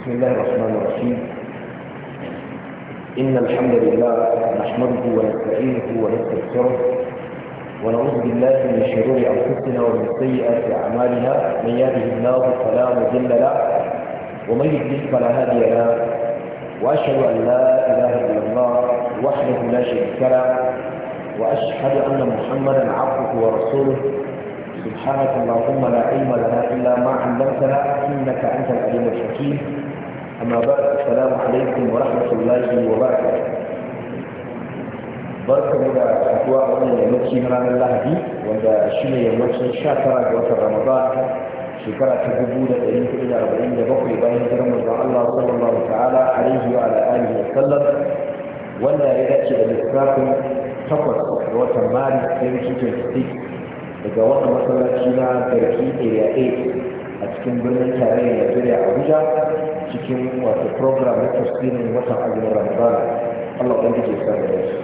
بسم الله الرحمن الرحيم إن الحمد لله نحمده ونستعينه ونستغفره ونعوذ بالله من شرور أنفسنا ومن سيئات أعمالنا من يهده الله فلا مضل له ومن يضلل فلا هادي له وأشهد أن لا إله إلا الله وحده لا شريك له وأشهد أن محمدا عبده ورسوله سبحانك اللهم لا علم لنا إلا ما علمتنا إنك أنت العليم الحكيم أما بعد السلام عليكم ورحمة الله وبركاته barka mu da haduwa a wannan yammaci na ranar lahadi wanda shi ne yammacin sha tara ga watan ramadan shekara ta dubu da ɗari hudu da arba'in da bakwai bayan hijirar da allah sallallahu ta'ala alaihi wa ala alihi da sallam wanda ya dace da littafin takwas ga watan maris 2026 daga wannan masallaci na garki area 8 a cikin birnin tarayyar Najeriya Abuja cikin wato program na tasirin watan abin Ramadan Allah da ke saka da su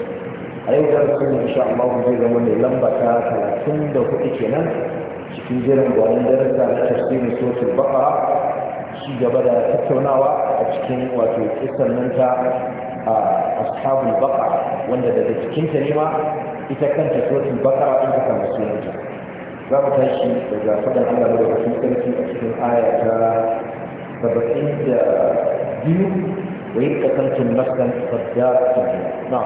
a yau da rasul insha Allah zai zama mai lamba ta hudu kenan cikin jiran gwanin darasa na tafsirin Sotin Ba'a, ci gaba da tattaunawa a cikin wato kisan nan ta ashabul baa wanda daga cikin ta ne ma ita kanta Sotin Baka in ta kama sunanta za mu tashi daga faɗin Allah da wakil sarki a cikin aya ta saba'in da biyu wa yi kasancin maskan sabda sabda na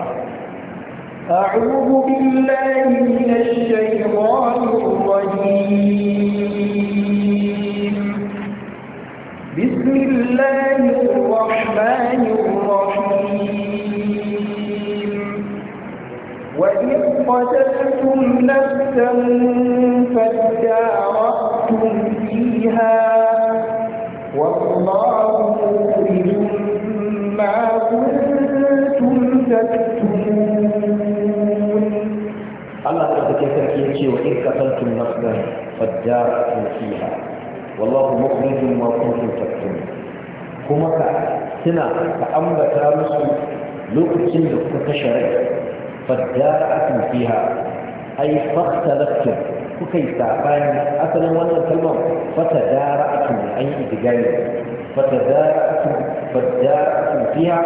أعوذ بالله من الشيطان الرجيم ya ce wa in qataltum nafsan fadartum fiha wallahu mukhrijum ma kuntum taktumun kuma ka tuna ka ambata musu lokacin da kuka kashe rai fadartum fiha ai fakhtalaftum kuka yi sabani asalin wannan kalmar fatadara'atum an yi idigami fatazara'atum fadara'atum fiha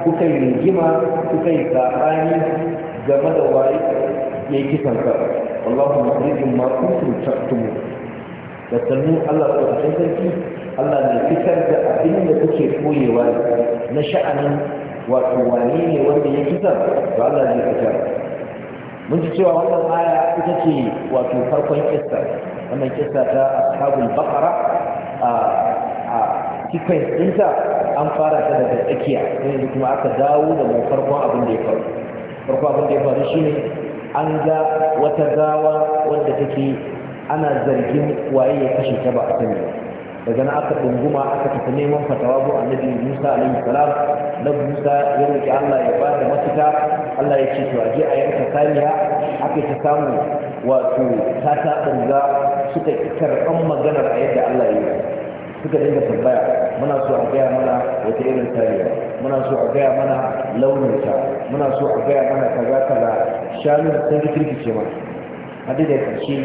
kuka yi rigima kuka yi sabani game da waye ya yi kisan kansa wallahu mukhrijum ma kuntum taktumun da sannu Allah ko Allah ne fitar da abin da kuke koyewa na sha'anin wato wane ne wanda ya fitar to Allah ne fitar mun ji cewa wannan aya ita ce wato farkon kissa wannan kissa ta ashabul baqara a a sequence an fara ta daga tsakiya yanzu kuma aka dawo da mu farkon abin da ya faru farkon abin da ya faru shine an ga wata gawa wadda take ana zargin waye ya kashe ta ba a sani daga na aka dunguma aka tafi neman fatawa ko annabi Musa alaihi salam na Musa ya roki Allah ya bada mafita Allah ya ce to aje a yanka saniya aka ta samu wato ta ta danga suka karɓan maganar a yadda Allah ya yi suka dinga tambaya muna so a gaya mana wata irin saniya muna so a gaya mana launinta muna so a gaya mana kaza kaza shanu sun ji kirkice ma a da ƙarshe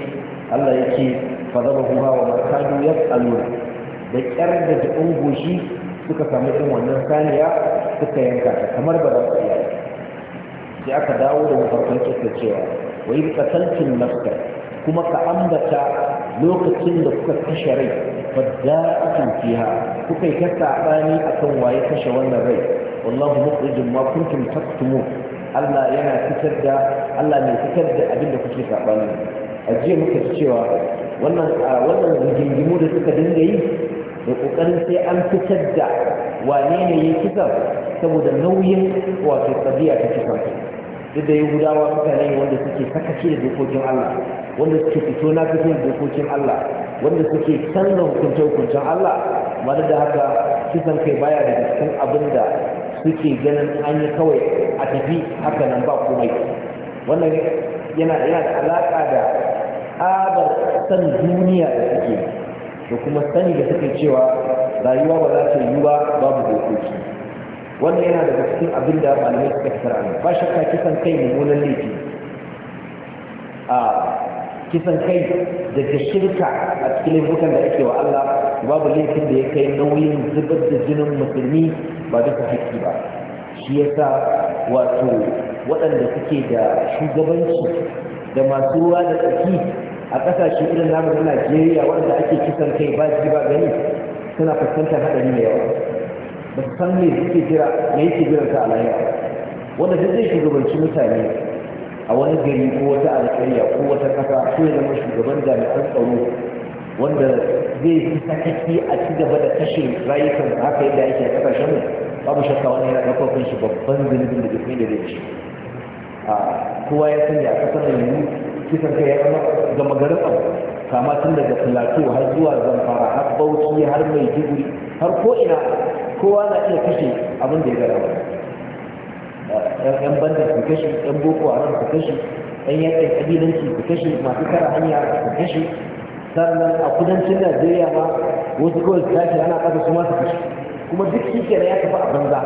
Allah ya ce fadaba kuma wa makadu ya tsalu da kyar da jikin goshi suka samu irin wannan saniya suka yanka ta kamar ba za su iya sai aka dawo da mafarkan Wai cewa wa yi nafsa kuma ka ambata lokacin da kuka kashe rai fadda akan fiha kuka yi ta saɓani akan waye kashe wannan rai wallahu mukhrijum ma kuntum taktumun Allah yana fitar da Allah mai fitar da abin da kuke sabani a jiya muka ci cewa wannan wannan rigingimu da suka dinga yi da kokarin sai an fitar da wane ne ya kisa saboda nauyin wato tsadiya ta kisa duk da yahudawa mutane wanda suke sakaci da dokokin Allah wanda suke fito na fito da dokokin Allah wanda suke canza hukunce hukuncen Allah ba da haka kisan kai baya daga cikin abin da suke ganin an yi kawai a tafi haka nan ba komai wannan yana da alaƙa da tsabar san duniya da suke da kuma sani da suke cewa rayuwa ba za ta yi ba babu dokoki wannan yana da cikin abin da malamai suka fitar ba shakka kisan kai mummunan laifi a ah, kisan kai daga shirka a cikin laifukan da ake wa Allah babu laifin da ya kai nauyin zubar da jinin musulmi ba duka haƙƙi ba shi yasa wato waɗanda suke da shugabanci da masu ruwa da tsaki a ƙasashe irin namu na Najeriya waɗanda ake kisan kai ba ji ba gani suna fuskantar haɗari da yawa ba su san me suke jira me yake jiran ta a wanda duk zai shugabanci mutane a wani gari ko wata alƙariya ko wata ƙasa ko ya zama shugaban jami'an tsaro wanda zai fi sakaki a ci gaba da kashe rayukan haka yadda ake a ƙasashen mu babu shakka wani yana ɗaukar kan shi babban zunubin da duk da zai ci kowa ya sanya a ƙasar yanzu kisan kai ya zama gama garin abu kama tun daga filato har zuwa zamfara har bauchi har mai jiguri har ko ina kowa na iya kashe abin da ya gara yan banda su kashe yan boko a su kashe yan yankin ƙabilanci su kashe masu kara hanya su kashe sannan a kudancin najeriya ma wasu kawai su tashi ana kasa su masu kashe kuma duk shi kenan ya tafi a banza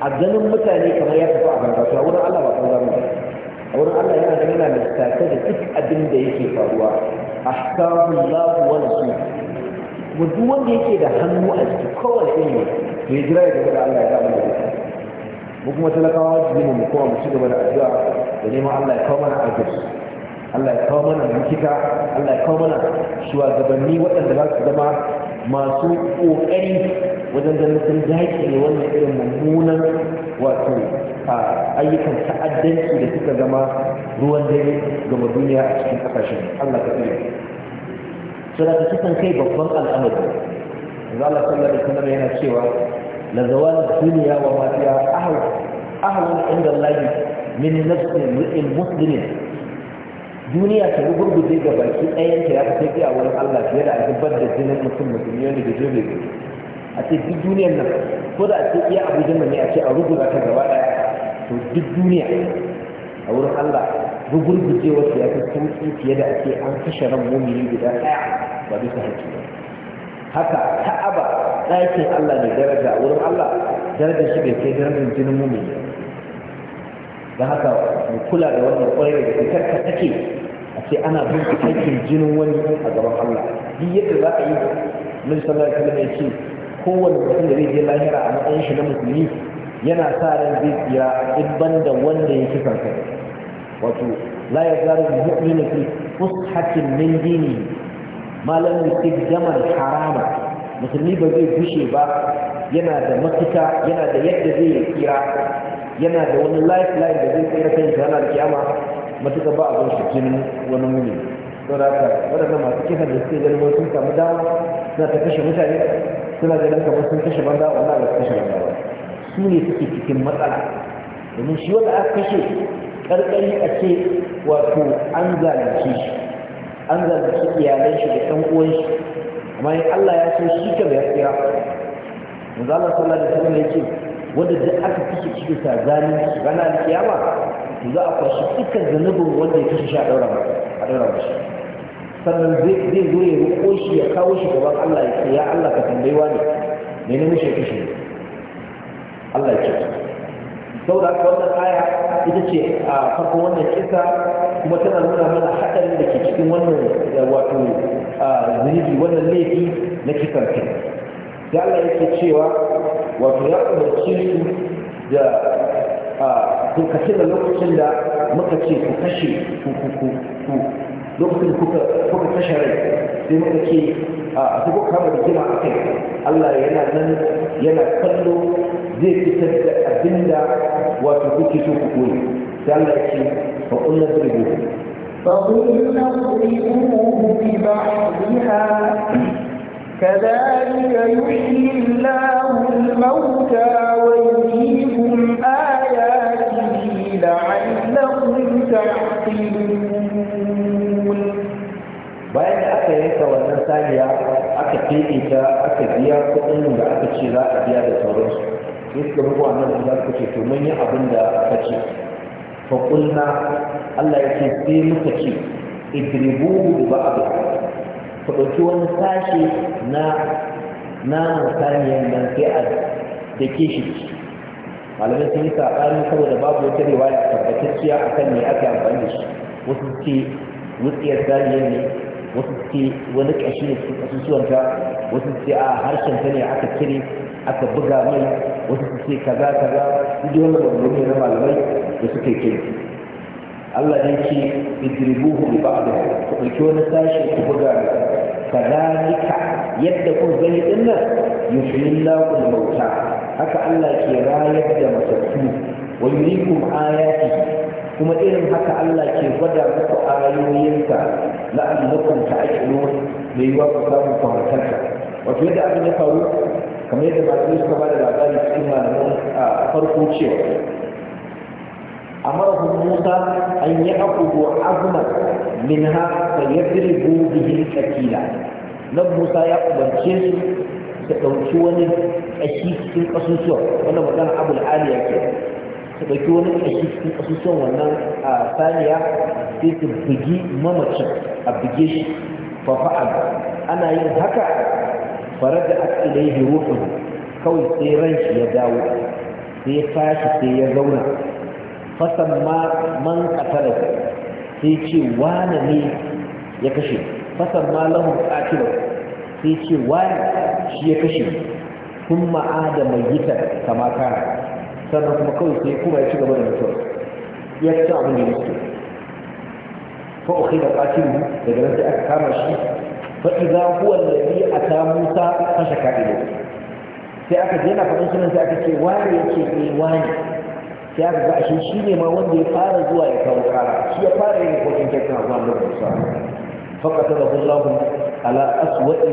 a ganin mutane kamar ya tafi a banza to a wurin allah ba banza ba a wurin allah yana da yana lissafe da duk abin da yake faruwa ahkamu lahu wa rasul mu duk wanda yake da hannu a jiki kowane irin to ya jira ya gaba da allah ya gaba da mu kuma talakawa su yi mu kowa mu ci gaba da addu'a da neman Allah ya kawo mana arziki Allah ya kawo mana likita Allah ya kawo mana shugabanni waɗanda za su zama masu ƙoƙari wajen ganin sun daƙi ne wannan irin mummunan wato ayyukan ta'addanci da suka zama ruwan dare gama duniya a cikin ƙasashen Allah ka tsare sai da kisan kai babban al'amari Allah sallallahu alaihi wasallam yana cewa لزوال الدنيا وما فيها أهون أهون عند الله من نفس المسلمين duniya ta gurgurde ga baki ɗayan ta ya fi sauki a wurin Allah fiye da a zubar da jinin mutum mutum yau da gaje bai a ce duk duniyar nan ko da a ce iya abu jama ne a ce a rubuta ta gaba ɗaya to duk duniya a wurin Allah gurgurde wata ya fi sauki fiye da a ce an kashe ran mumini guda ɗaya ba bisa hakki ba haka ta'aba ɗakin Allah mai daraja a wurin Allah daraja shi bai kai darajar jinin mumini don haka mu kula da wannan ƙwarai da fitar ka take a ce ana bin aikin jinin wani a gaban Allah duk yadda za a yi min sallallahu alaihi wasallam ce kowanne mutum da zai je lahira a matsayin shi na musulmi yana sa ran zai tsira in da wanda ya kisan kai wato la yazaru mu'minu fi fushatin min dinihi ma lam yusib daman harama musulmi ba zai gushe ba yana da mafita yana da yadda zai yi kira. yana da wani lifeline da zai tsira kan shi ranar kiyama matuka ba a abin shikin wani muni don haka waɗanda masu kisan da suke ganin sun samu dama suna ta kashe mutane suna ganin kamar sun kashe banza wanda ba su kashe banza ba su ne suke cikin matsala domin shi wanda aka kashe ƙarƙari a ce wato an zalunce shi an zalunce iyalan shi da ɗan uwan shi amma in Allah ya so shi ka ya tsira manzo Allah sallallahu alaihi wasallam yake wanda duk aka kashe shi bisa zalunci ranar kiyama to za a kwashi dukkan zanubin wanda ya kashe shi a daura masa a daura masa sannan zai zo ya roƙo shi ya kawo shi gaban Allah ya ce ya Allah ka tambayi wani ne ne mishi ya kashe Allah ya ce saboda haka wannan aya ita ce a farkon wannan kisa kuma tana nuna mana haɗarin da ke cikin wannan wato zunubi wannan laifi na kisan kai da Allah yake cewa wato ya umarci su da ku kashe da lokacin da muka ce ku kashe ku ku ku lokacin kuka kuka kashe rai sai muka ce a su kuka kama da jima akai Allah yana nan yana kallo zai fitar da abinda wato kuke so ku koyi sai Allah ya ce fa kullu bi فقلنا اضربوه ببعضها كذلك يحيي الله الموتى ويريكم آياته لعلكم تعقلون bayan da aka yanka wannan saniya aka keɓe ta aka biya kuɗin da aka ce za a biya da sauransu sai suka rubuwa nan da za su ce to mun yi abin da aka ce faƙulna Allah ya ce sai muka ce idribuhu ba abu ku ɗauki wani sashe na naman saniyar nan a da ke shi malamai sun yi saɓani saboda babu wata riwaya tabbatacciya a kan me ake amfani da shi wasu ce wutsiyar saniyar ne wasu ce wani ƙashi ne cikin ƙasusuwanta wasu sai a harshen ta ne aka kire aka buga mai wasu su ce kaza kaza su wani babu ne na malamai da suka yi Allah ne ce idribuhu bi ba'd ku dauki wani sashi ku buga kadalika yadda ku gani din nan yuhyillahu al-mauta haka Allah ke rayar da matattu wa yurikum ayatihi kuma irin haka Allah ke gwada muku ayoyinka la'allakum ta'qilun mai yiwa ku samu fahimtarka wato yadda abin ya faru kamar yadda masu suka ba da labari cikin malamin a farko cewa amara hun musa an yi akubu azumar min ha ta yadda bihi tsakila nan musa ya kubance su ta ɗauki wani ƙashi cikin ƙasusuwan wanda magana abu al'aliya ke ta ɗauki wani ƙashi cikin ƙasusuwan wannan a saniya sai ta bugi mamacin a buge shi fafa'ad ana yin haka faraja a ilaihi ruhu kawai sai ran shi ya dawo sai ya tashi sai ya zauna fasan man katara sai ce wane ne ya kashe fasan ma lahun sai ce shi ya kashe kun ma'ada mai yita kama kara sannan kuma kawai sai kuma ya ci gaba da mutuwa ya abin da ya mutu daga nan aka kama shi Fa'iza فإذا هو الذي أتى موسى فشكى إليه sai aka je na faɗin sunan sai aka ce wani ya ce eh wani sai aka ga ashe shi ne ma wanda ya fara zuwa ya kawo kara shi ya fara yin kokin kyakkyawar zuwa da musa fakata da hullahu ala aswa'i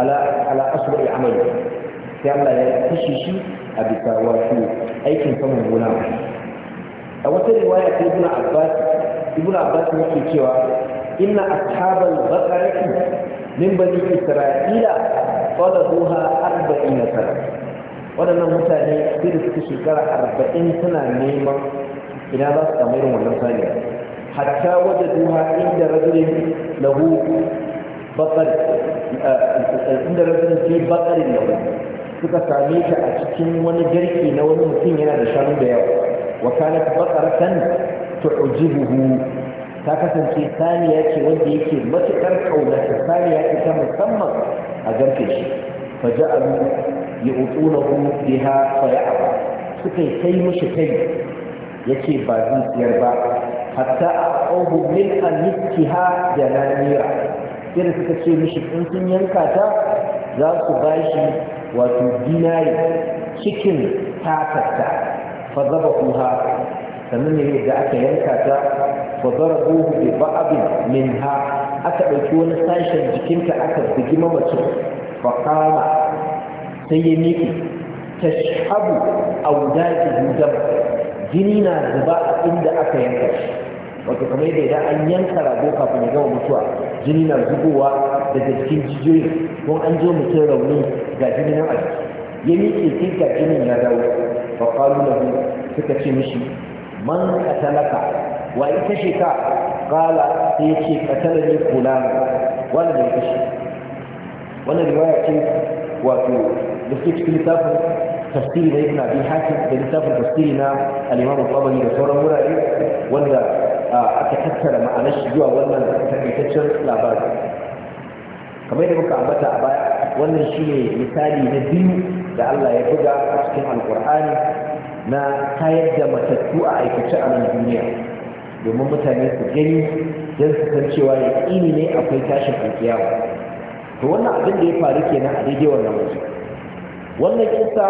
ala ala aswa'i amali sai Allah ya kashe shi a bisa wato aikin saman gona a wata riwaya ta ibnu abbas ibnu abbas ke cewa inna ashabal baqarati min bani isra'ila arba'in na sana waɗannan mutane sai da suka shekara arba'in suna neman ina za su samu irin wannan saniya hatta wajen duha inda rajulin lahu bakar inda rajulin fi bakarin lahu suka same ta a cikin wani garki na wani mutum yana da shanu da yawa wa kanat bakaratan tu'jibuhu ta kasance saniya ce wanda yake matuƙar ƙaunarsa saniya ce ta musamman a garfe shi fa ja'alu yu'tunahu biha fa ya'aba suka yi sai kai yace ba zan siyar ba hatta aqubu min ankiha jananira sai da suka ce mishi in sun yanka ta za su bashi wato dinari cikin takarta fa zaba kuha sannan ne da aka yanka ta wa darabuhu bi ba'din minha aka dauki wani sashen jikinta aka bugi mamacin fa qala sai ya miki tashhabu jini na zuba a inda aka yanka shi wato kamar yadda idan an yanka rago kafin ya gama mutuwa jini na zubowa daga jikin jijiyoyi ko an zo mutum rauni ga jini nan a ya miƙe sai ga jinin ya dawo fa qalu lahu suka ce mishi man qatalaka wa ita shi ka kala sai ya ce katala ne kula wanda da ya kashe wannan riwaya ce wato da suke cikin littafin tasiri na ibn abi hakim da littafin tafsiri na al-imam al-tabari da sauran wurare wanda aka tattara ma'anar shi zuwa wannan takaitaccen labari kamar da muka ambata a baya wannan shi ne misali na biyu da Allah ya buga a cikin alkur'ani na tayar da matattu a aikace a nan duniya domin mutane su gani don su san cewa ya ne akwai tashin alkiyama to wannan abin da ya faru kenan a daidai wannan waje wannan kisa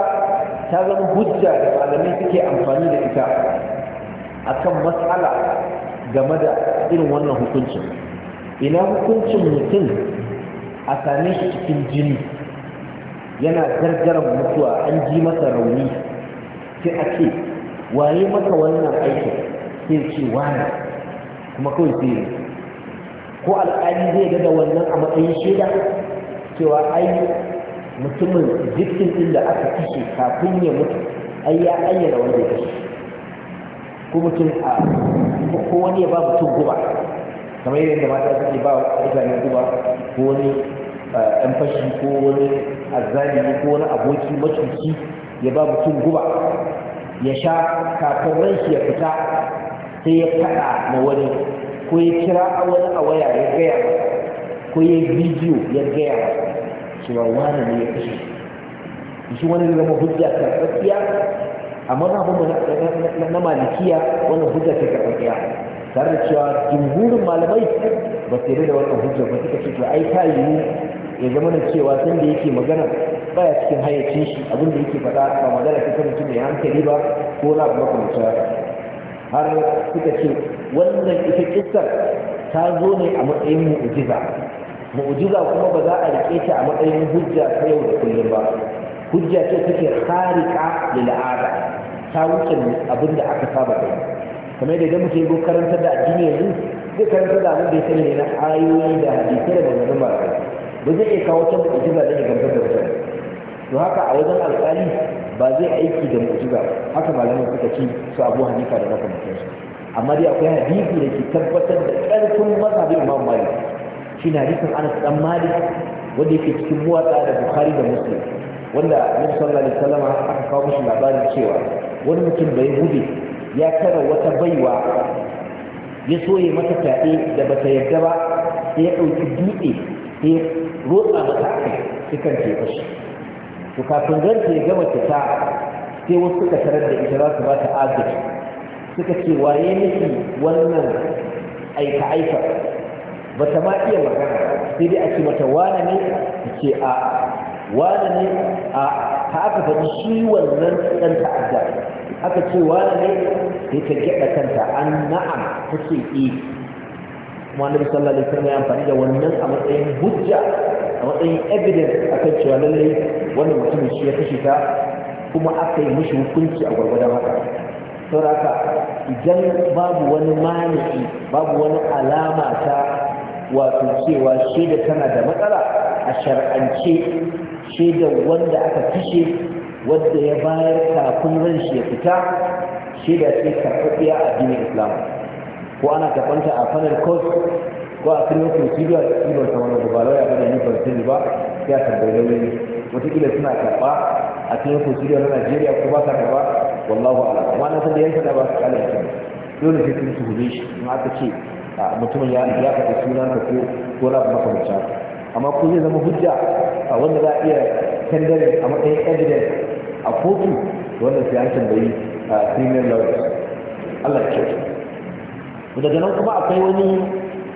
ta zama hujja da malamai suke amfani da ita akan matsala game da irin wannan hukuncin ina hukuncin mutum a same shi cikin jini yana gargaran mutuwa an ji masa rauni sai a ce waye maka wannan aikin sai ce wani kuma kawai sai ko alƙali zai ga da wannan a matsayin shaida cewa ai mutumin jikin din da aka kashe kafin ya mutu ai ya ayyana wanda ya kashe ko mutum a ko wani ya ba mutum guba kamar yadda mata suke ba mutane guba ko wani ɗan fashi ko wani azzalimi ko wani aboki macuci ya ba mutum guba ya sha kafin ran shi ya fita sai ya faɗa na wani ko ya kira a wani a waya ya gaya ko ya bidiyo ya gaya cewa wani ne ya kashe shi wani zama hujja tsakiya amma na abin na malikiya wani hujja ta tsakiya tare da cewa jimhurin malamai ba su yarda da wannan hujja ba suka ce to ai ta yiwu ya zama da cewa san da yake magana baya cikin hayyacin shi abin da yake faɗa ba magana ta kan mutum mai hankali ba ko na abu makamancin har suka ce wannan ita kissar ta zo ne a matsayin mu'ujiza mu'ujiza kuma ba za a rike ta a matsayin hujja ta yau da kullum ba hujja ce take harika lil ada ta wuce abin da aka saba gani kamar da idan mutum ya karanta da addini yanzu zai karanta da abin da ya sani ne na ayoyi da hadisi da maganganun ba ba zai iya kawo ta mu'ujiza da ya gamsar da mutane to haka a wajen alƙali ba zai aiki da ba haka malamin suka ci su abu hanifa da makamantar su amma dai akwai hadisi da ke tabbatar da ƙarfin mazhabin imam malik shine hadisin anas dan malik wanda yake cikin muwatsa da bukhari da muslim wanda annabi sallallahu alaihi wasallam aka kawo mishi labarin cewa wani mutum bai gudu ya tara wata baiwa ya soye mata fyaɗe da bata yadda ba sai ya ɗauki dutse sai rotsa mata akai cikin teku to kafin zance ya gama fita sai wasu suka tarar da ita za su ba ta agaji suka ce waye miki wannan aika aika ba ta ma iya magana sai dai a ce mata wane ne ta ce a wane ne a ta aka faɗi shi wannan ɗan ta'adda aka ce wane ne sai ta gyaɗa kanta an na'am ta ce eh kuma annabi sallallahu alaihi wasallam ya amfani da wannan a matsayin hujja a matsayin evidence akan cewa lallai wannan mutum shi ya kashe ta kuma aka yi mishi hukunci a gwargwadon haka saboda idan babu wani mani'i babu wani alama ta wato cewa shaida tana da matsala a shar'ance shaida wanda aka kashe wanda ya bayar kafin ran shi ya fita shaida ce karɓaɓɓiya a addinin islam ko ana ta a panel course ko a kiriyo procedure da ɗiban ta wani ba lauya ba da ni ba sai a tambayi lauyoyi wataƙila suna karɓa a kiriyo procedure na najeriya ko ba sa karɓa wallahu ala amma na san da yanka da ba su kala yankin dole sai sun su huje shi in aka ce mutumin ya ya faɗi sunanka ko ko na makamancin amma ko zai zama hujja a wanda za a iya tendering a matsayin evidence a kotu wanda sai an tambayi a senior lawyers Allah ya kyautu daga nan kuma akwai wani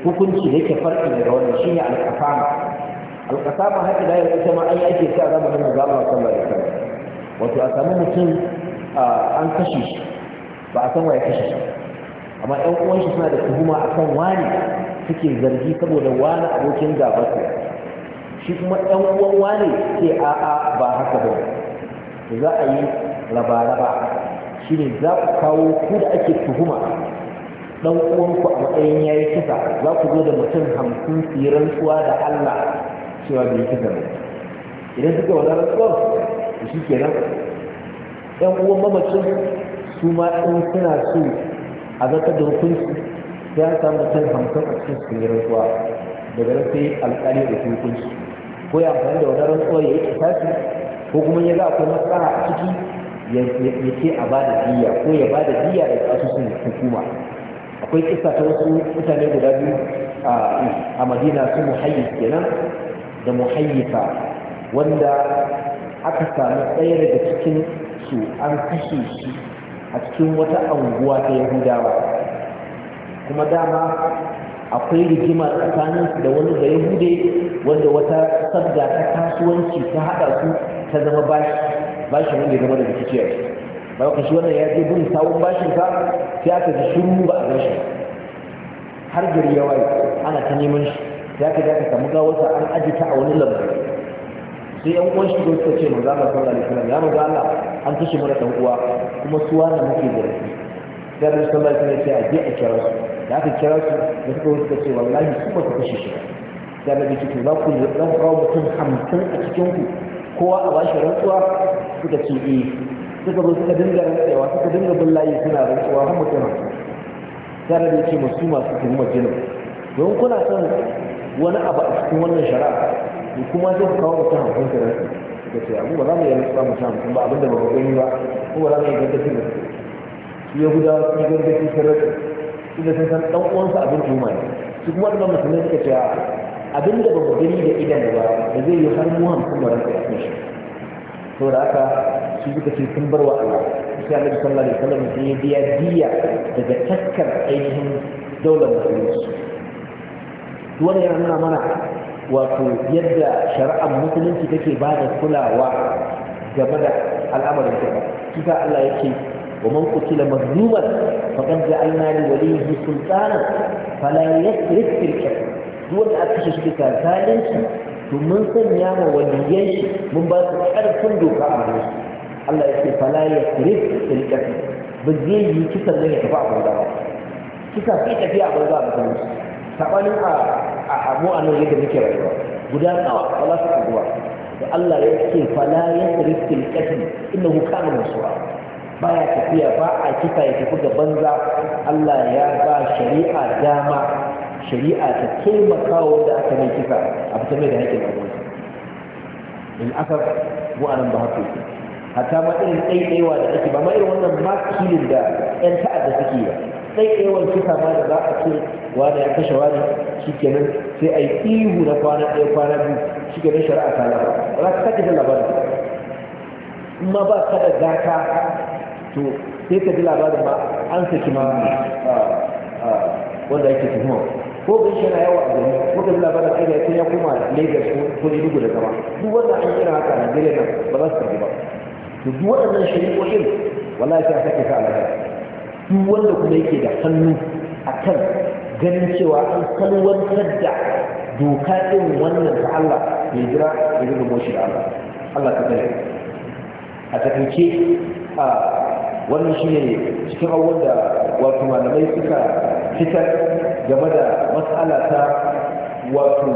hukunci da yake farki daga wannan shine al-qasama al-qasama haka da yake ma ai ake sa zama da zama sallallahu alaihi wasallam wato a samu mutum an kashe shi ba a san waye kashe shi amma ɗan uwan shi suna da tuhuma akan wani suke zargi saboda wani abokin gaba shi kuma ɗan uwan wani sai a'a ba haka ba za a yi raba-raba shi ne za ku kawo ku da ake tuhuma dan uwanku a matsayin yayi kisa za ku zo da mutum hamsin su yi rantsuwa da Allah cewa bai yi kisa ba idan suke wani rantsuwa to shi ke nan. yan uwan mamacin su ma in suna so a zaka da hukunci sai an samu mutum hamsin a cikin su yi rantsuwa daga nan sai alƙali da su hukunci ko ya amfani da wani rantsuwa ya yi kisasi ko kuma ya a akwai matsala a ciki ya ce a ba da diya ko ya ba da diya da kasusun hukuma akwai kisa ta wasu mutane guda biyu a madina su muhayyis kenan da muhayyisa wanda aka sami tsayar daga cikin su an kashe shi a cikin wata anguwa ta yahudawa kuma dama akwai rigima tsakaninsu da wani da yahude wanda wata sabda ta kasuwanci ta haɗa su ta zama bashi bashi wanda ya zama da rikici a ba ka shi wannan ya je gudun sawun bashin ka sai aka ji shiru ba a gashi har gari ya waye ana ta neman shi ya ka ka samu gawarsa an aji ta a wani lambu sai yan uwan shi suka ce manzo Allah sallallahu alaihi wasallam ya manzo Allah an kashe mana dan uwa kuma suwa na muke da rafi sai Annabi sallallahu alaihi wasallam ya ce a je a kira su da aka kira su da suka wasu suka ce wallahi su ba su kashe shi da Annabi ce za ku yi kawo mutum hamsin a cikin ku kowa a bashi rantsuwa suka ce eh suka zo suka dinga rantsewa suka dinga bin layi suna rantsewa har mutum tare da ce masu masu kuma jinin don kuna son wani abu a cikin wannan shari'a to kuma zai ku kawo mutum hamsin ka rantsi da ce abu ba za mu yi rantsuwa mutum hamsin ba abinda ba ku gani ba ko ba za mu yi gangaci da su guda sun yi gangaci sun rantsi inda sun san ɗan uwansa abin tuhuma ne su kuma da musulmai suka ce abinda ba ku gani da idan ba da zai yi har mu hamsin ba rantsi a kan shi saboda haka su suka ce sun bar wa Allah sai Annabi sallallahu alaihi wasallam ya biya diya daga takkar ainihin daular musulunci wannan yana nuna mana wato yadda shari'ar musulunci take ba da kulawa game da al'amarin ta kisa Allah yake ومن قتل مظلوما فقد جعلنا لوليه سلطانا فلا يسرف في to mun sanya بك ثالث ومن mun يام su من بعد أرسل a عمرو Allah ya ce fala ya kirif da qatl ba zai yi kisan ne ya tafi a banza ba kisa sai tafi a banza ba kuma sabanin a a abu a nan yadda muke rayuwa guda nawa wala su kuwa da Allah ya ce fala ya kirif fil qatl innahu kana masuwa baya tafiya ba a kisa ya tafi ga banza Allah ya ba shari'a dama shari'a ta taimaka wanda aka mai kisa a fitar da haƙƙin abuwa in aka bu anan ba haka yake hatta ma irin tsaitsayewa da ake ba ma irin wannan makilin da 'yan ta'adda suke ba tsaitsayewar kisa ma da za a ce wani ya kashe wani shi kenan sai a yi ihu na kwana ɗaya kwana biyu shi kenan shari'a ta lafa ba za ka sake jin labarin in ma ba ka da zaka to sai ka ji labarin ba an saki ma ah, ah, wanda ake tuhuma ko bin shi na yawa a gari muka ji labarin aida sai ya koma lagos ko ne dugu da zama duk wanda an kira haka a najeriya nan ba za su karbi ba duk waɗannan shari'o'in wallahi sai a sake ka duk wanda kuma yake da hannu akan ganin cewa an kalwantar da doka ɗin wannan ta Allah ya jira ya zama moshi da Allah Allah ka tsare a takaice a wannan shi ne cikin abubuwan da wato malamai suka fitar game da matsala ta wato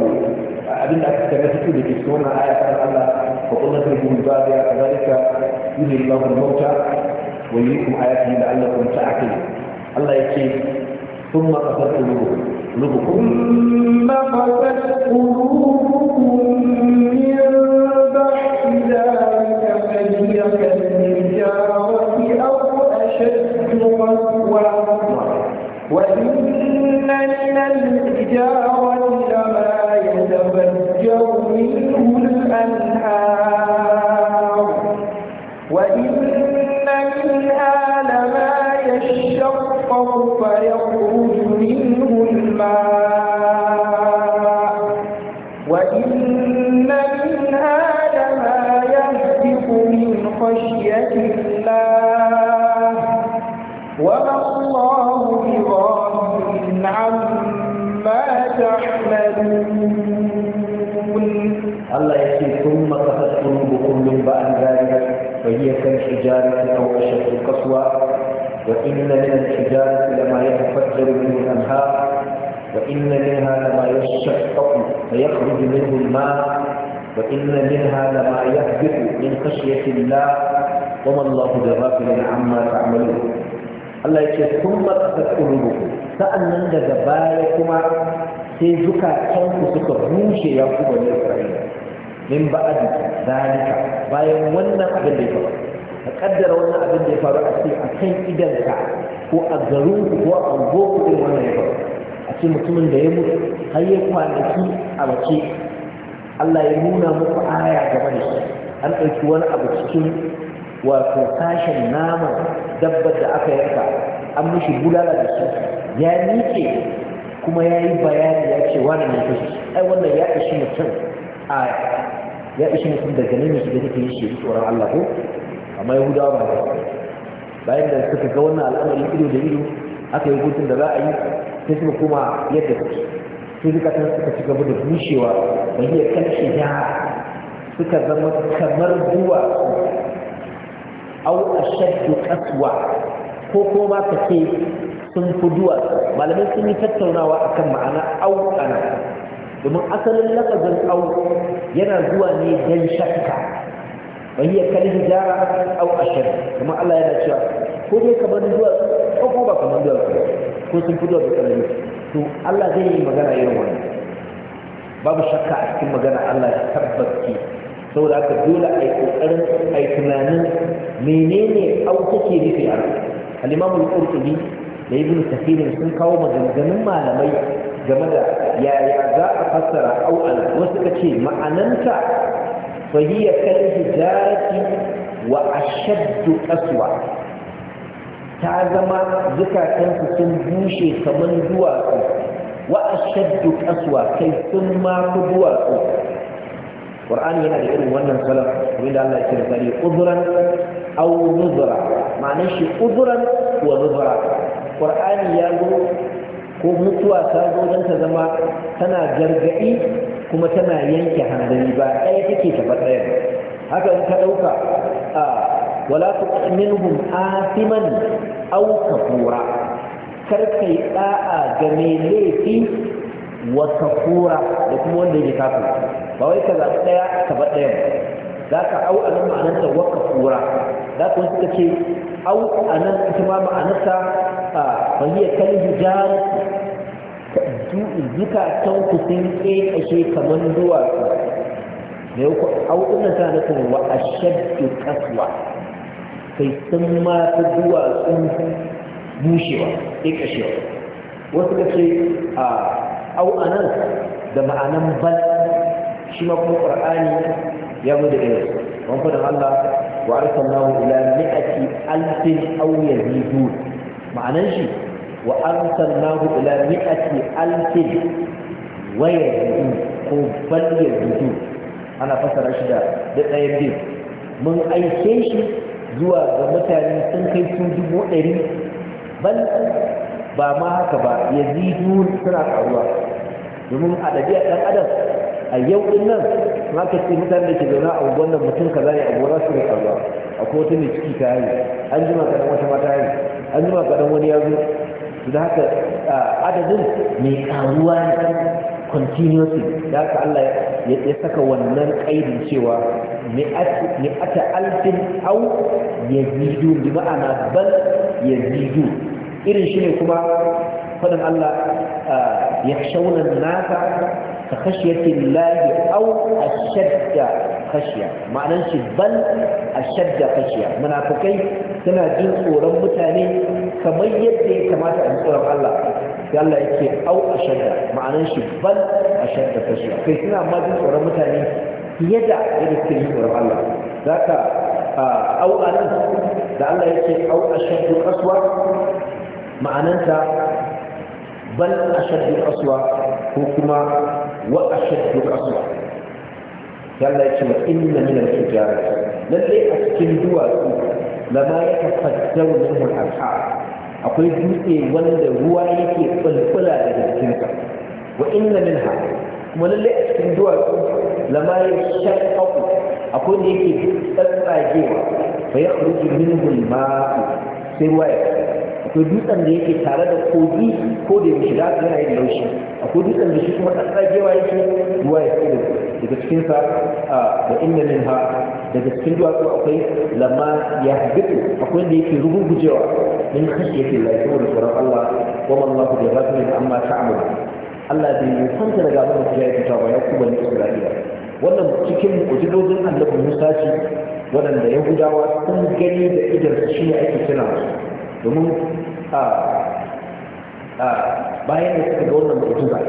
abin da aka kaga fito da ke cikin wannan aya kan Allah wa kullu tarbiyyu ba'da kadalika yuhyi Allahu al-mauta wa yuriikum ayatihi la'allakum ta'qilun Allah yake ثم قصد قلوبكم ثم قصد قلوبكم من بعد ذلك فهي كالحجارة أو أشد قسوة وإن من الحجارة ẹjọ́ Allah ya ce kun makasar kun bukun min ba an gari fa hiya kan shijara ta kawo shakku kasuwa wa inna min al-shijara la ma yatafajjaru min al-anhar wa inna minha la ma yashaqqaqu fa yakhruju minhu al-ma' wa inna minha la ma yahbitu min khashyati Allah wa ma Allah bighafilin amma ta ta'malun Allah ya ce kun makasar kun bukun sa'annan daga baya kuma sai zukatanku suka rushe ya ku bane Isra'ila min ba'ad zalika bayan wannan abin da ya faru ka kaddara wannan abin da ya faru a ce a kan ka ko a garin ku ko a unguwarku din wannan ya faru a cikin mutumin da ya mutu har ya kwanaki a bace Allah ya nuna muku aya game da shi an ɗauki wani abu cikin wato sashen naman dabbar da aka yanka an mishi bulala da shi ya miƙe kuma ya yi bayani ya ce wani ne ai wannan ya ishi mutum a ya ishe mutum da ganin ya shiga take yi shi tsoron Allah ko amma yahudawa ba ta bayan da suka ga wannan al'amari ido da ido aka yi gudun da za a yi sai suka koma yadda suke sai suka san suka ci gaba da bushewa da iya kalshe ya suka zama kamar zuwa au ashaddu qaswa ko kuma ka ce sun fi duwatsu malamai sun yi tattaunawa akan ma'ana au ana domin asalin lafazin au yana zuwa ne don shakka wani ya kalli hijara au ashar kuma Allah yana cewa ko dai kamar zuwa ko ko ba kamar zuwa ko sun fito da kalli to Allah zai yi magana yin wani. babu shakka a cikin magana Allah ya tabbaci saboda haka dole a yi ƙoƙarin, a yi tunanin menene au take nufi a al-Imam al-Qurtubi da Ibn Kathir sun kawo maganganun malamai game da yaya za a fassara au'an wasu ka ce ma'ananta fahiyar kan hijarati wa ashaddu kaswa ta zama zukatansu sun bushe kamar duwatsu wa ashaddu kaswa kai sun mafi duwatsu qur'ani yana da irin wannan salaf kamar da Allah ya ce tsari uzuran aw nuzura ma'anar shi uzuran wa nuzura qur'ani ya zo ko mutuwa ta zo don ta zama tana gargaɗi kuma tana yanke hanzari ba ɗaya take ta ɗaya haka in ka ɗauka a wala tu minhum asiman aw kafura kar kai da'a ga mai laifi wa kafura da kuma wanda yake kafir ba wai ka zaɓi ɗaya ka bar ɗaya za ka au a nan ma'anarsa wa kafura za ka wasu ka ce au a nan ita ma ma'anarsa fahiyya kan hijarar zukatan ku sun ƙeƙashe kamar duwatsu da yau auɗunan sa na wa a shaddu kasuwa kai sun ma fi duwatsu bushewa ƙeƙashewa wasu ka ce a au'anan da ma'anan ban. shi ma kuma ƙur'ani ya mu da irin wani fadin Allah wa arsalnahu ila mi'ati alfin aw yazidun ma'anan shi wa arsalnahu ila mi'ati alfin waya ko bal yahudu ana fasara shi da da ɗayan biyu mun aike shi zuwa ga mutane sun kai su dubu ɗari bal ba ma haka ba ya ji suna ƙaruwa domin a ɗabi'a ɗan adam a yau ɗin nan ma ka ce mutane da ke zauna a wannan mutum kaza ne a za su da ƙaruwa a kotu da ciki ta yi an jima na wata mata yi an zuba kaɗan wani ya zo da haka adadin mai karuwa ne continuously da haka Allah ya saka wannan ƙaidin cewa mi'ata alfin au ya zidu bi ma'ana bal ya zidu irin shi ne kuma faɗin Allah ya shaunan nasa ka kashe lahi au a shadda khashiya ma'anar shi bal ashadda khashiya munafikai suna jin tsoron mutane kamar yadda ya kamata a tsoron Allah sai Allah yake au a ashadda ma'anar shi bal ashadda khashiya kai suna ma jin tsoron mutane fiye da yadda suke jin tsoron Allah zaka au anan da Allah yake au ashaddu kasuwa ma'ananta ban bal ashaddu kasuwa ko kuma wa ashaddu kasuwa. yalla ya ce wa inna min al-hijara lalle a cikin duwatsu lama ya tafaddaru min al-arha akwai dutse wanda ruwa yake bulbula daga cikin sa wa inna minha kuma lalle a cikin duwatsu lama ya shaqqaqu akwai da yake tsatsagewa fa yakhruju minhu al-ma'u sai ruwa ya akwai dutsen da yake tare da kogi ko da yake shiga yana yin laushi akwai dutsen da shi kuma ɗan tsagewa yake ruwa ya fito daga cikinsa da inna min ha daga cikin duwatsu akwai lamma ya habitu akwai da yake rugujewa min khashiyati Allah saboda tsoron Allah wa man Allah bi ghafilin amma ta ta'malu Allah bai yi kanta daga abin da ya fita ba ya kuma ni Isra'ila wannan cikin mu'jizojin Annabi Musa ce waɗanda Yahudawa sun gani da idan shi ne ake kira domin bayan da suka ga wannan ba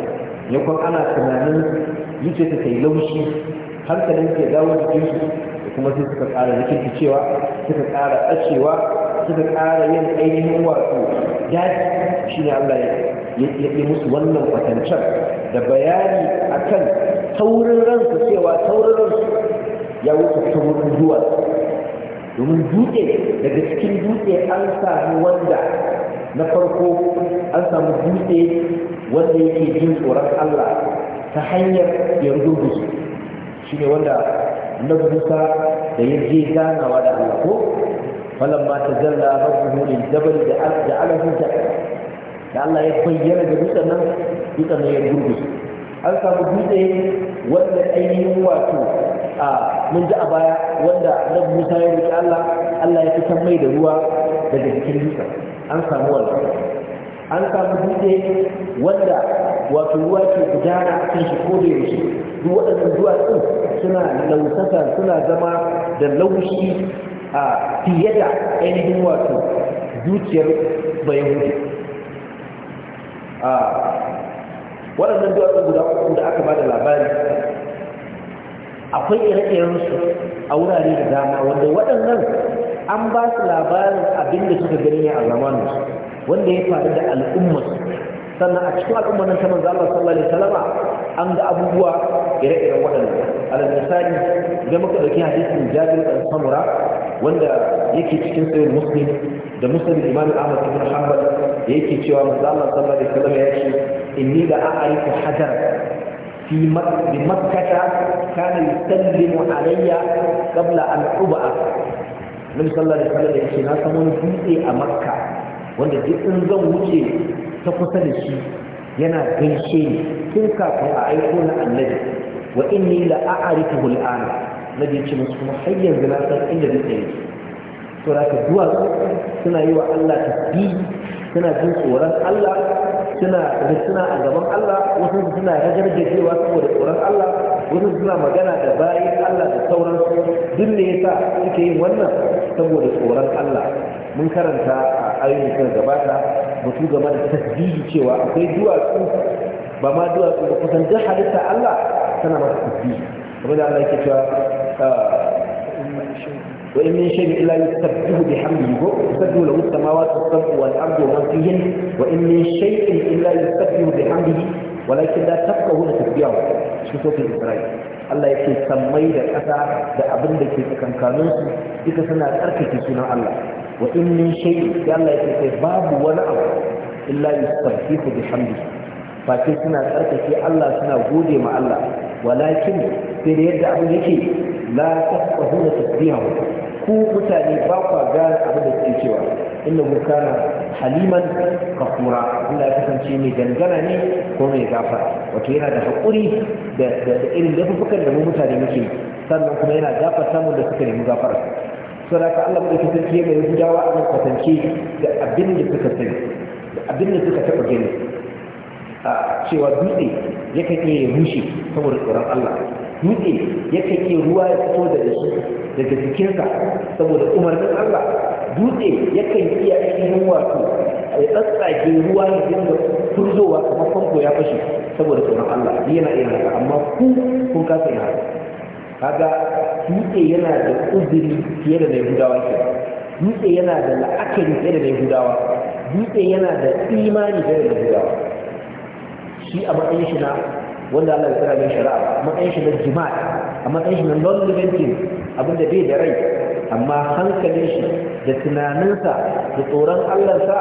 yankon ana tunanin zuciya ta kai laushi hankalin ke dawo da jinsu da kuma sai suka ƙara rikirkicewa suka ƙara ɓacewa suka ƙara yin ainihin wato daji shi ne Allah ya yi musu wannan kwatancen da bayani akan taurin ransu cewa taurin ransu ya wuce taurin duwatsu domin dutse daga cikin dutse an samu wanda na farko an samu dutse wanda yake jin tsoron Allah ta hanyar ya rubutu shi ne wanda na busa da ya je ganawa da Allah ko falamma tajalla rabbuhu lil jabal ja'alahu ja'ala da Allah ya bayyana da dutsen nan dutsen ya su an samu dutse wanda ainihin wato mun ji a baya wanda nan musa ya riƙe allah allah ya fitan mai da ruwa daga jikin dutsen an samu wannan an samu dutse wanda wato ruwa ke gudana kan shi ko da yaushe duk waɗannan duwatsu suna lausasa suna zama da laushi a fiye da ainihin wato zuciyar bayan a waɗannan duwatsun guda uku da aka ba da labari akwai ire-iren su a wurare da dama wanda waɗannan an ba su labarin abin da suka gani a zamanin su wanda ya faru da al'ummar sannan a cikin al'ummar nan ta manzo Allah sallallahu alaihi wasallam an ga abubuwa ire-iren waɗannan alal misali idan muka dauki hadisin Jabir bin Samura wanda yake cikin sahih Muslim da Muslim Imam Ahmad bin Hanbal yake cewa manzo Allah sallallahu alaihi wasallam ya ce inni la a'rifu hadar في مكة كان يسلم علي قبل أن أبعث من صلى الله عليه وسلم يقول ناس من بيئة مكة wanda duk in zan wuce ta kusa da shi yana gaishe ni tun kafin a aiko na annabi wa inni la a'rifu al'ana nabi ce musu kuma har yanzu na san inda duk da yake duwatsu suna yi wa Allah tasbihi suna jin tsoron Allah suna suna a gaban Allah wasu suna ragargajewa saboda tsoron Allah wasu suna magana da bayan Allah da sauransu duk ne yasa suke yin wannan saboda tsoron Allah mun karanta a ayoyin da gabata mutu game da tasbihi cewa akwai duwatsu ba ma duwatsu ba kusan duk halitta Allah tana masa tasbihi kamar da Allah yake cewa ah, وإن من شيء إلا يسبح بحمده تسبح له السماوات السبع والأرض ومن فيهن وإن من شيء إلا يسبح بحمده ولكن لا تفقهون تسبيحه في سورة الإسرائيل Allah yake sammai da ƙasa da abin da ke tsakankaninsu duka suna tsarkake sunan Allah wa in min shay'in sai Allah yake babu wani abu illa yusabbihu bihamdihi face suna tsarkake Allah suna gode ma Allah walakin sai da yadda abin yake la tasbahuna tasbihahu ku mutane ba kwa gane abin da suke cewa innahu kana haliman kafura Allah ya kasance mai dangana ne ko mai gafara wato yana da hakuri da irin laifukan da mu mutane muke sannan kuma yana gafarta mu da suka nemi gafara saboda Allah mai kasance mai gudawa a nan da abin da suka sani da abin da suka taɓa gani cewa dutse ya kake rushe saboda tsoron Allah dutse ya kake ruwa ya fito da shi daga jikinsa saboda umarnin Allah dutse ya kan iya ainihin wato ya tsatsage ruwa ya dinga turzowa kamar famfo ya fashe saboda tsoron Allah yana iya haka amma ku kun kasa yin haka kaga dutse yana da uzuri fiye da mai gudawa ke dutse yana da la'akari fiye da mai gudawa. dutse yana da imani fiye da mai gudawa. shi a matsayin shi na wanda Allah ya kira mai shari'a a matsayin shi na jima'a a matsayin shi na non-living abinda bai da rai amma hankalin shi da tunaninsa da tsoron Allahnsa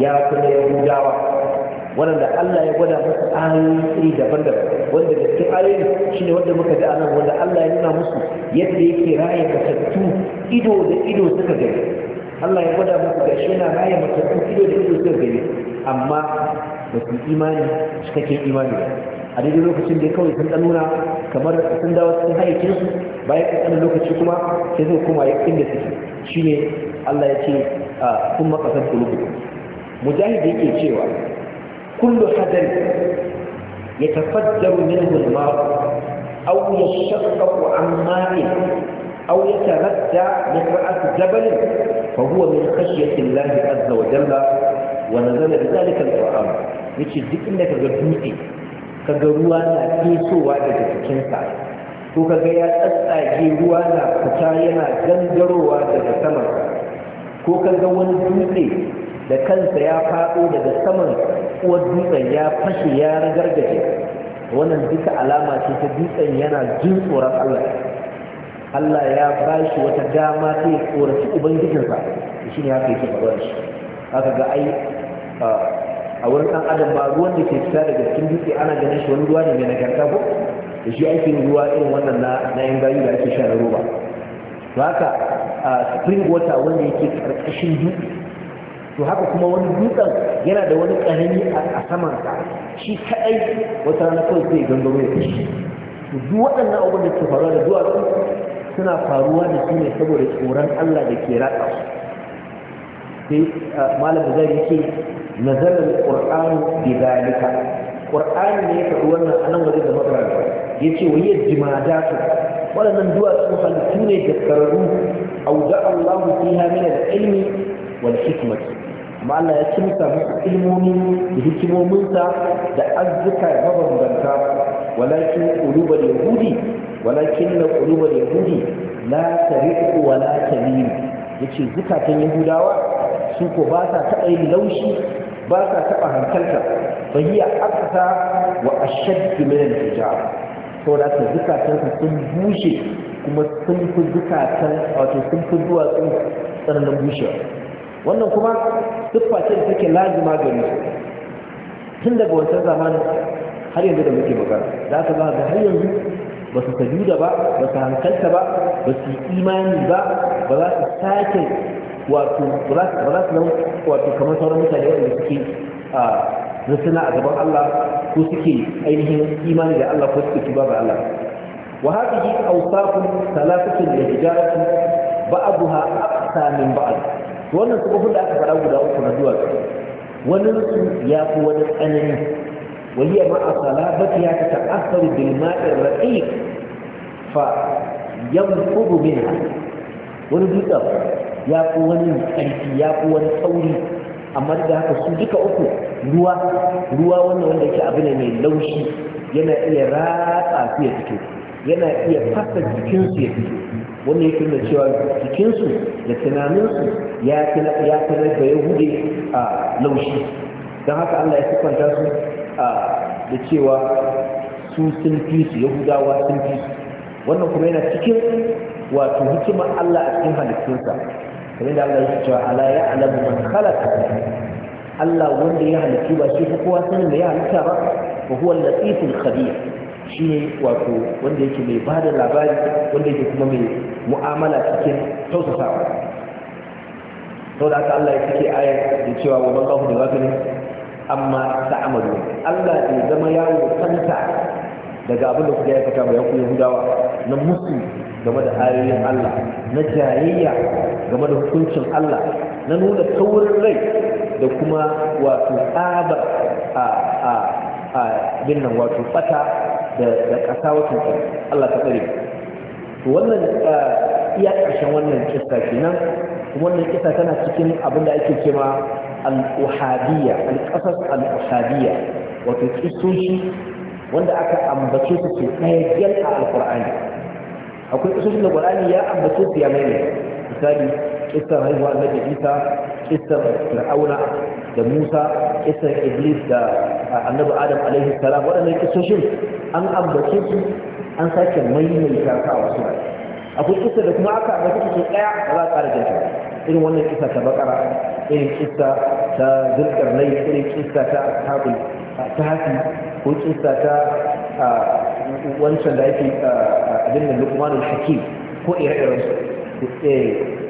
ya kuma ya gudawa waɗanda Allah ya gwada musu ayoyi daban-daban wanda da cikin ayoyin shi ne wanda muka ji anan wanda Allah ya nuna musu yadda yake raye matattu ido da ido suka gani Allah ya gwada musu gashi yana raye matattu ido da ido suka gani amma ba su imani cikakken imani ba a daidai lokacin da kawai sun nuna kamar sun dawo cikin baya bayan ƙanƙanin lokaci kuma sai zai koma ya inda suke shine Allah ya ce a kun makasar kulubu mujahid yake cewa kullu hadari ya tafaddaru minhu al-ma'u aw yashaqqaqu an ma'in aw yataradda min ra'at jabal fa huwa min khashyati Allah azza wa jalla wanda da zalikar ƙwarar ya ce duk inda ka ga dutse kaga ruwa na fesowa daga cikinsa, ko kaga ya tsatsage ruwa na fita yana gangarowa daga saman ko ka wani dutse da kansa ya faɗo daga saman uwar dutsen ya fashe ya ragargaje wannan duka alama ce ta dutsen yana jin tsoron Allah Allah ya ba shi wata dama ta ya tsoraci ubangijinsa shi ne haka yake ba shi haka ga ai a wurin ɗan adam ba ruwan da ke fita daga cikin dutse ana ganin shi wani ruwa ne mai nagarta ko da shi ake ruwa irin wannan na yan bayu da ake sha na roba to haka spring water wanda yake karkashin dutse to haka kuma wani dutsen yana da wani ƙarami a saman sa shi kadai wata rana kawai sai gangaro ya kashi to duk waɗannan abubuwan da ke faruwa da duwatsu suna faruwa da su ne saboda tsoron Allah da ke ratsa su sai malam zai yake nazar alquran bi zalika ne ya faɗi wannan anan waje da makaranta yace wa hiya jimadatu waɗannan duwatsu halittu ne da kararru auda Allahu fiha min al-ilmi wal hikmati amma Allah ya kimsa musu ilmomi da hikimominsa da azzuka mabambanta walakin qulubal yahudi walakin la qulubal yahudi la tariqu wa la tamim yace zukatan yahudawa su ko ba sa taɓa yin laushi ba sa taɓa hankalta fa hiya wa ashadd min al-hijab saboda ka zukatansa sun bushe kuma sun fi zukatan wato sun fi duwatsun tsananin bushe wannan kuma siffa ce da take lazima gare su tun daga wancan zamanin har yanzu da muke magana da ka ba ga har yanzu ba su sajuda ba ba su hankalta ba ba su imani ba ba za su sake wato ba za su nan wato kamar sauran mutane da suke rusuna a gaban Allah ko suke ainihin imani da Allah ko suke tuba ga Allah wa hadhihi awsafun thalathatun lihijarati ba'daha aqsa min ba'd wannan sababin da aka fara guda uku na zuwa wani su ya fi wani tsanani wani ma a salabati ya ta ta'assaru bil ma'ir raqiq fa yanfudu minha wani dutsen ya fi wani ƙarfi ya fi wani tsauri, amma da haka su duka uku ruwa ruwa wannan wanda yake abu ne mai laushi yana iya ratsa su ya fito yana iya fasa jikinsu ya fito wanda yake nuna cewa jikinsu da tunaninsu ya fi fi da hude a laushi don haka allah ya sifanta su da cewa su sun fi su yahudawa sun fi su wannan kuma yana cikin wato hikimar allah a cikin halittunsa kamar da Allah ya cewa ala ya alamu man khalaqa Allah wanda ya halittu ba shi kowa sanin da ya halitta ba wa huwa al-latiful khabir shine wato wanda yake mai bada labari wanda yake kuma mai mu'amala cikin tausasawa sau da haka Allah ya cike ayar da cewa wa man kafu da gafin amma Amadu. Allah ya zama yawo kanta daga abin da kuka aikata ba ya ku Yahudawa na musulmi game da ayoyin Allah na jayayya game da hukuncin Allah na nuna taurin rai da kuma wato tsabar a a a binnan wato fata da da ƙasa wato Allah ta tsare to wannan iya ƙarshen wannan kenan kuma wannan kisa tana cikin abin da ake cewa al-uhadiyya al-qasas al-uhadiyya wato kissoshi wanda aka ambace su ke ɗaya a alƙur'ani akwai kisoshin da qur'ani ya ambace su ya mai misali kissan haihuwa da isa kissan fir'auna da musa kissan iblis da annabi adam alaihi salam waɗannan kisoshin an ambace su an sake maimaita ka a wasu akwai kissa da kuma aka ambace su ɗaya ba za a ƙara jinta irin wannan kissa ta bakara irin kissa ta zulkarnai irin kissa ta ashabul ta hafi ko kissa ta wancan da ake abin da lukmanul hakim ko ire-iren a eh,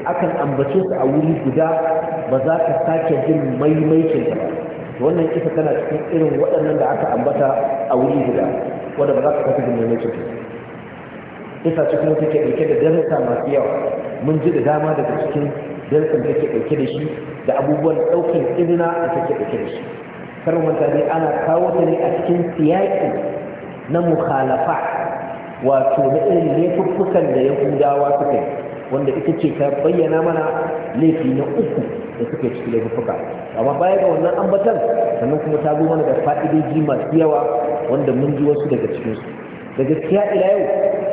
akan ambace su a wuri guda ba za ka sake jin maimaitin ta ba wannan kisa tana cikin irin waɗannan da aka ambata a wuri guda wanda ba za ka sake jin maimaitin ta kisa cikin wata ke ɗauke da darasa masu yawa mun ji da dama daga cikin darasin da ke ɗauke da shi da abubuwan ɗaukar izina da take ɗauke da shi kar manta dai ana kawo ta ne a cikin siyaki na mukhalafa wato na irin laifuffukan da yahudawa suka yi wanda ita ce ta bayyana mana laifi na uku da suka ciki laifuffuka amma baya ga wannan ambatan sannan kuma ta zo mana da fa'idoji masu yawa wanda mun ji wasu daga cikinsu da gaskiya ila yau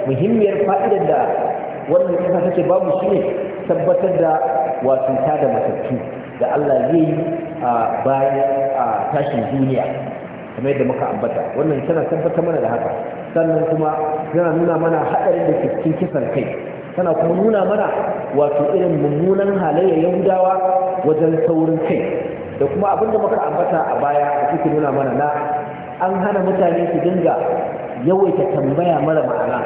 muhimmiyar fa'idar da wannan kasa take babu shi ne tabbatar da wato ta da matattu da Allah zai yi a bayan tashin duniya kamar yadda muka ambata wannan tana tabbatar mana da haka sannan kuma tana nuna mana haɗarin da ke cikin kisan kai tana kuma nuna mana wato irin mummunan halayya yahudawa wajen saurin kai da kuma abin da muka ambata a baya da suke nuna mana na an hana mutane su dinga yawaita tambaya mara ma'ana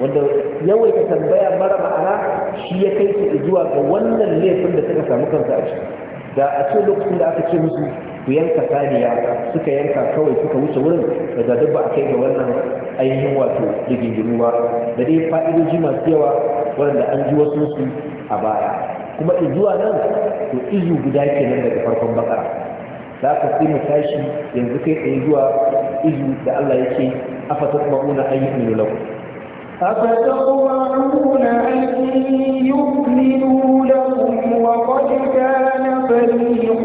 wanda yawaita tambaya mara ma'ana shi ya kai su zuwa ga wannan laifin da suka samu kansa a ciki da a cikin lokacin da aka ce musu ku yanka saniya suka yanka kawai suka wuce wurin daga duk ba a kai ga wannan ainihin wato rigingimu ba da dai fa'idoji masu yawa waɗanda an ji wasu su a baya kuma zuwa nan to izu guda kenan daga farkon bakara za ka sai mu tashi yanzu kai tsaye zuwa izu da Allah yake afa tasma'una ayyukan lakum أفتطمعون أن يؤمنوا لهم وقد كان فريق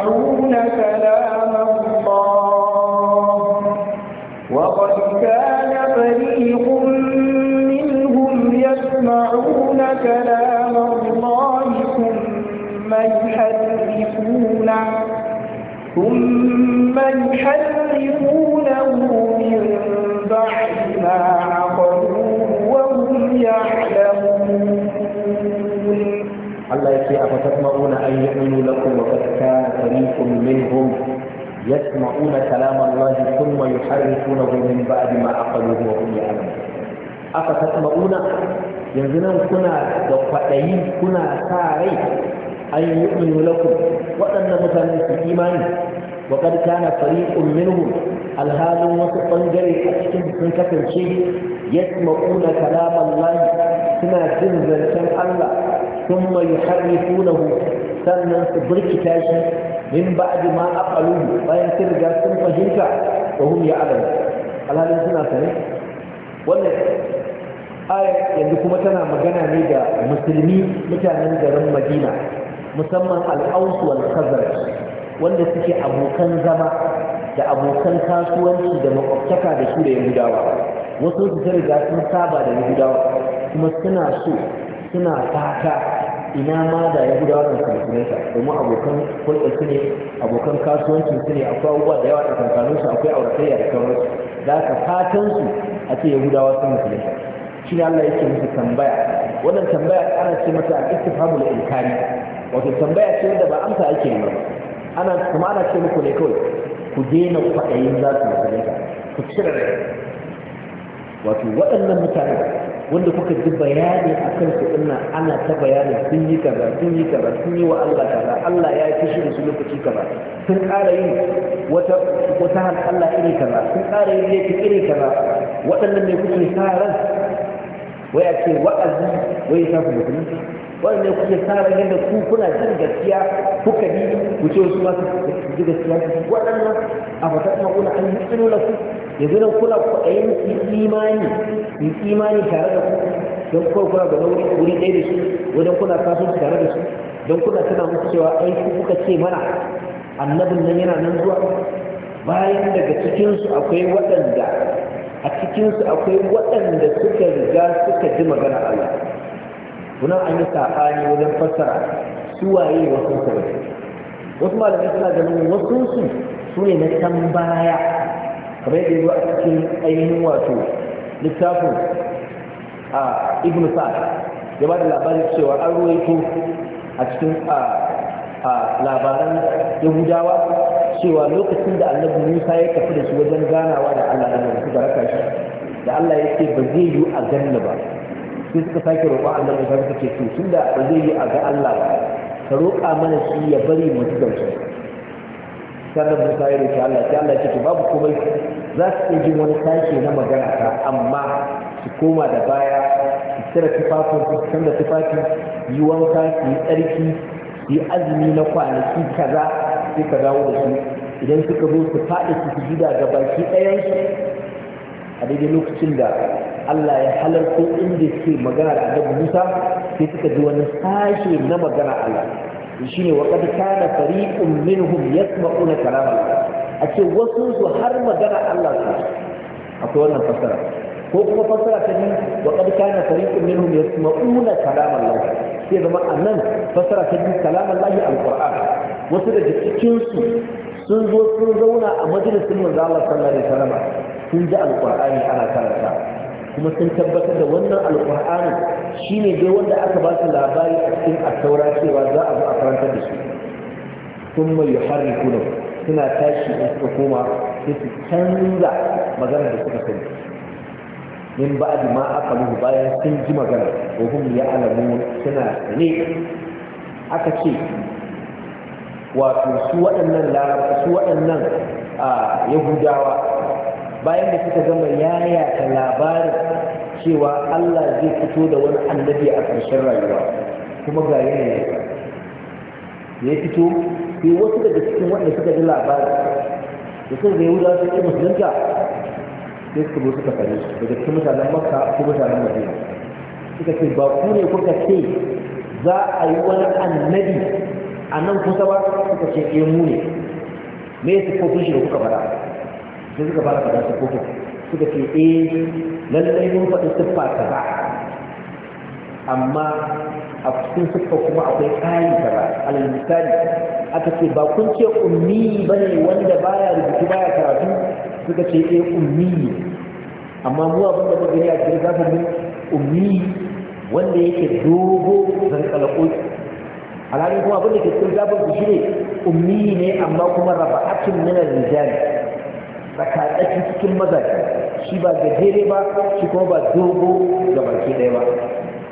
يسمعون كلام الله وقد كان فريق منهم يسمعون كلام الله ثم يحرفونه ثم يحرفونه التي أفتطمعون أن يؤمنوا لكم وقد كان فريق منهم يسمعون كلام الله ثم يحرفونه من بعد ما عقلوه وهم يعلمون أفتطمعون ينزلون كنا وقتين كنا ساري أن يؤمنوا لكم وأن مثلا في إيمان وقد كان فريق منهم الهاد وسطنجر أشكم من كثر شيء يسمعون كلام الله سنة جنزا كان الله ثم يحرفونه sannan su burkita shi min ba'di ma aqalu bayan sun riga sun fahimta wa hum ya'lamu alhalin suna sane wannan aya yanzu kuma tana magana ne da musulmi mutanen garin Madina musamman al-Aws wal Khazraj wanda suke abokan zama da abokan kasuwanci da makwabtaka da su da Yahudawa wasu su riga sun saba da Yahudawa kuma suna so suna fata ina ma da ya gudawa kan kalkulansa domin abokan hulɗa su ne abokan kasuwancin su ne akwai abubuwa da yawa kankanin su akwai auratayya da sauransu da ka fatan su a ce gudawa sun musulunta shi ne Allah yake musu tambaya wannan tambaya ana ce mata a istifhamul inkari wato tambaya ce wanda ba amsa ake yi ba ana kuma ana ce muku ne kawai ku daina kwaɗayin za su musulunta ku cire rai wato waɗannan mutane wanda kuka ji bayani a kan su ina ana ta bayani sun yi kaza sun yi kaza sun yi wa Allah kaza Allah ya yi fushi da su lokaci kaza sun ƙara yin wata wata hal Allah iri kaza sun ƙara yin laifin iri kaza waɗannan ne kuke sa ran wai a ce wa'azi wai ya ku mutum wannan ne kuke sa ran yadda ku kuna jin gaskiya kuka bi ku ce wasu ma su ji gaskiya waɗannan a fatan ma'una an yi tsino ku yanzu nan kuna a su imani su imani tare da ku don kuma kuna ga wani wuri ɗaya da su wajen kuna kasuwanci tare da su don kuna tana musu cewa ai ku kuka ce mana annabin nan yana nan zuwa bayan daga cikinsu akwai waɗanda a cikinsu akwai waɗanda suka riga suka ji magana Allah kuna an yi saɓani wajen fassara su waye wasu sabai wasu malamai suna ganin wasu su ne na can baya kamar yadda a cikin ainihin wato littafin a ibn sa'ad ya ba da labarin cewa an ruwaito a cikin labaran yahudawa cewa lokacin da annabi musa ya tafi da su wajen ganawa da allah da su baraka shi da allah ya ce ba zai yi a ganna ba sai suka sake roƙon annabi musa suka ce to tun da ba zai yi a ga allah ba ka roƙa mana shi ya bari mu ci sannan musa ya roki Allah sai Allah ya babu komai za su iya jin wani sashe na magana ta amma su koma da baya su cire tufafin su canza tufafi yi wanka su yi tsarki su yi azumi na kwanaki kaza sai ka dawo da su idan suka zo su faɗi su su gida ga baki ɗayansu a daidai lokacin da Allah ya halarta inda suke magana da annabi Musa sai suka ji wani sashe na magana Allah shine wa qad kana fariqun minhum yasma'una kalam Allah a ce wasu su har magana Allah su akwai wannan fasara ko kuma fasara ta ni wa qad kana fariqun minhum yasma'una kalam Allah sai zama nan fasara ta ni kalam Allah alquran wasu daga cikin sun zo sun zauna a majalisun manzo Allah sallallahu alaihi wasallam sun ji alqur'ani ana karanta kuma sun tabbatar da wannan alƙur'anin shine dai wanda aka ba su labari a cikin asaura cewa za a zo a karantar da su sun mai harri kuna suna tashi in suka koma sai su canza magana da suka sani min ba ma aka muhu bayan sun ji magana ko hum ya alamu suna sane aka ce wato su waɗannan larabci su waɗannan ah, yahudawa bayan da suka gama yayata labarin cewa Allah zai fito da wani annabi a ƙarshen rayuwa kuma ga ne ya fito sai wasu daga cikin wanda suka ji labarin da sun zai wuza su ke musulunta sai suka zo suka fari su daga cikin mutanen makka ko mutanen madina suka ce ba ku ne kuka ce za a yi wani annabi a nan kusa ba suka ce ke eh, mu ne me su ko sun da kuka fara sai suka fara faɗa su koko suka ce eh lallai mun faɗi siffa ta ba amma a cikin siffa kuma akwai kayi ta ba alal aka ce ba kun ce ummi bane wanda baya rubutu baya karatu suka ce eh ummi amma mu abin da muka gani a cikin zafin mu ummi wanda yake dogo zarkalakoki alhali kuma abin da ke cikin zafin su ne ummi ne amma kuma raba'atun min rijali tsakatsaki cikin mazaje shi ba gajere ba shi kuma ba dogo ga baki ɗaya ba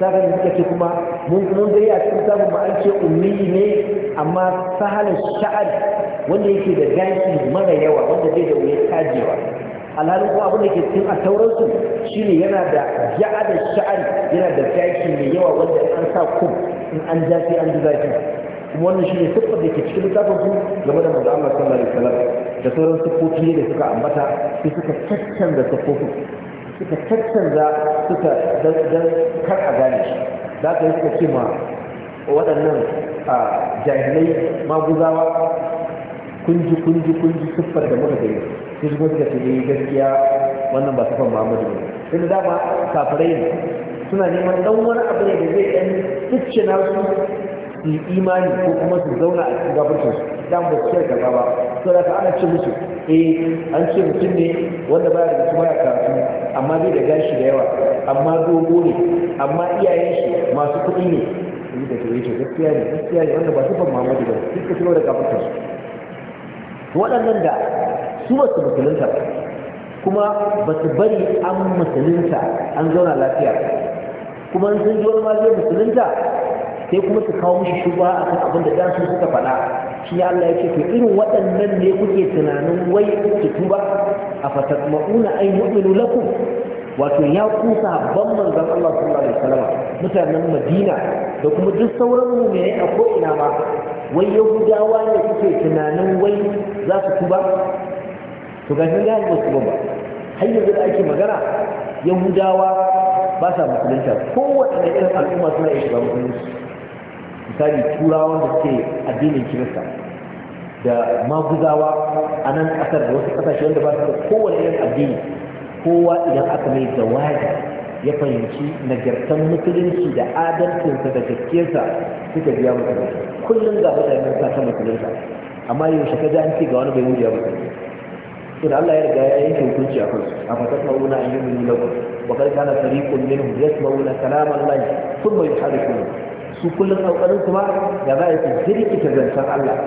saka da suka ce kuma mun mun a cikin samun ma an ce ummi ne amma sahalin sha'ari wanda yake da gashi mara yawa wanda zai da wuya tajewa alhalin kuma abin da ke cikin a tauransu ne yana da ja'a da sha'ari, yana da gashi mai yawa wanda an sa kum in an ja sai an ji zafi kuma wannan shine siffar da ke cikin littafin su game da manzo Allah sallallahu alaihi wasallam da sauran sufofi da suka ambata sai suka da sufofin suka caccanza suka dan kar a gane shi za ka yi suka ce ma waɗannan jahilai maguzawa kunji kunji kunji siffar da muka gani sai kuma suka ce dai eh, gaskiya wannan ba siffar muhammadu ne sai da dama kafirai suna neman ɗan wani abu ne da zai ɗan na su su yi imani ko kuma su zauna a cikin gafarcin su dan ba su yarda ba to da ana ce musu eh an ce mutum ne wanda baya da kuma karatu amma bai da gashi da yawa amma dogo ne amma iyayen shi masu kuɗi ne ni da ke yake gaskiya ne gaskiya ne wanda ba su ban mamaki ba su ka shigo da gafarcin su waɗannan da su ba su musulunta kuma ba su bari an musulunta an zauna lafiya kuma sun ji wani ma zai musulunta sai kuma su kawo mishi shuba a kan abin da dasu suka faɗa shi Allah ya ce to irin waɗannan ne kuke tunanin wai ki tuba a fatatma'una an yu'minu lakum wato ya kusa ban manzon Allah sallallahu alaihi wasallam mutanen Madina da kuma duk sauran mu'minai a ko ina ma wai Yahudawa ne kuke tunanin wai za su tuba to ga shi ga su ba har yanzu da ake magana Yahudawa ba sa musulunta kowace irin al'umma suna iya shiga musulunci misali turawan da suke addinin kirista da maguzawa a nan ƙasar da wasu ƙasashe wanda ba su da kowane irin addini kowa idan aka mai waje ya fahimci nagartan musulunci da adalcinsa da gaskiyarsa suka biya musulunci kullum ga mutane sa ta musulunta amma yaushe ka ji an ce ga wani bai wuce ba to Allah ya riga ya yanke hukunci a kansu a fatar mauna an yi mulu lakum wa kad kana fariqun minhum yasma'una kalam Allah thumma yuharrifuna su kullum ƙauƙarin kuma ya za a yi su ta zancen Allah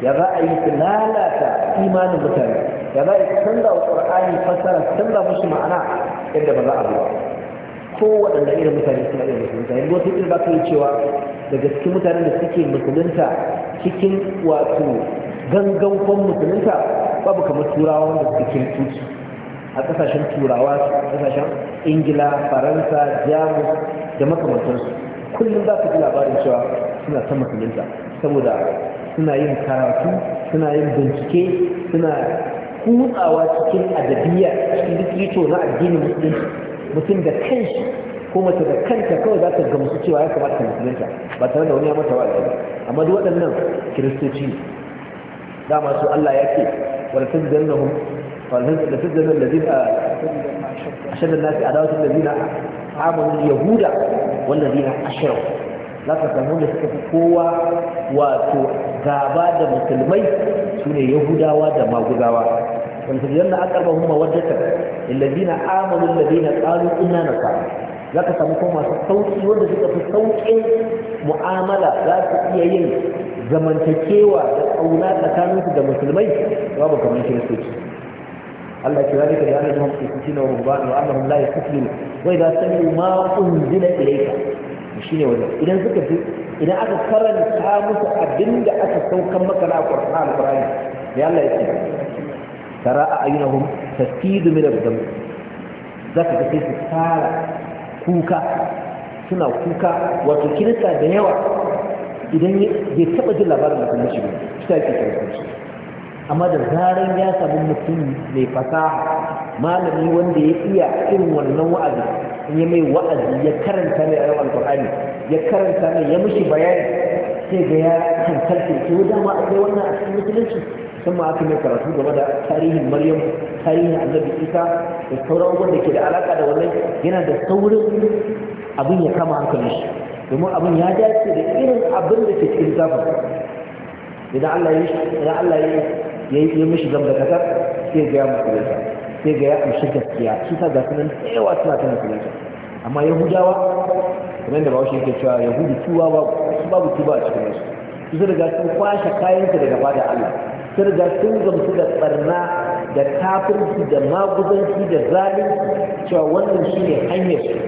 ya za a yi su lalata imanin mutane ya za a yi canza wa ƙur'ani fassara canza musu ma'ana yadda ba za a zuwa waɗanda irin mutane suna iya musulunta yanzu wasu irin ba yi cewa daga cikin mutanen da suke musulunta cikin wato gangankon musulunta babu kamar turawa wanda suke kirkuci a ƙasashen turawa ƙasashen ingila faransa jamus da makamantarsu kullum za ka ji labarin cewa suna ta musulunta saboda suna yin karatu suna yin bincike suna kutsawa cikin adabiyya cikin literature na addinin musulunci mutum da kanshi ko mace da kanta kawai za ta gamsu cewa ya kamata musulunta ba tare da wani ya mata wa'azi ba amma duk waɗannan kiristoci ne. dama su Allah ya ce wala tajidannahum wala tajidannal ladina a an-nasi adawatan ladina amanu yahuda wanda zina ashraku za ka samu da suka fi kowa wato gaba da musulmai sune yahudawa da wanda maguzawa والفجرن أقربهم مودة الذين آمنوا الذين قالوا إنا za ka samu kuma masu sauki wanda suka fi saukin mu'amala za su iya yin zamantakewa da ƙauna tsakaninsu da musulmai babu kamar kiristoci Allah ya kira da yana jihar kristoci na rubuwa da annahum la yasfilu wai da sami ma unzila ilaika shine wannan idan suka fi idan aka karanta musu abinda aka saukan maka na Qur'an Qur'ani ya Allah ya ce tara a ayyunahum tafidu min al-dam Za ka sai su fara kuka suna kuka wato kirista da yawa idan bai taba jin labarin da kuma shi ba shi ta ke kirista amma da zaran ya samu mutum mai fasaha malami wanda ya iya irin wannan wa'azi in ya mai wa'azi ya karanta mai ayyar alƙur'ani ya karanta mai ya mushi bayani sai ga ya kankalce ke wajen ma akwai wannan a cikin musulunci musamman aka mai karatu game da tarihin maryam tarihin annabi isa da sauran abubuwan da ke da alaƙa da wannan yana da saurin abin ya kama hankalin shi domin abin ya dace da irin abin da ke cikin zafin idan Allah ya yi ya mishi zamba kasar sai ga ya musulunta sai ga ya amshi gaskiya shi ta ga sunan da yawa suna ta musulunci amma yahudawa kamar da bawashi yake cewa yahudu tuwa babu tuba a cikin su su riga sun kwashe kayanta daga bada allah sun riga sun gamsu da barna da kafirci da maguzanci da zalunci cewa wannan shi ne hanyar su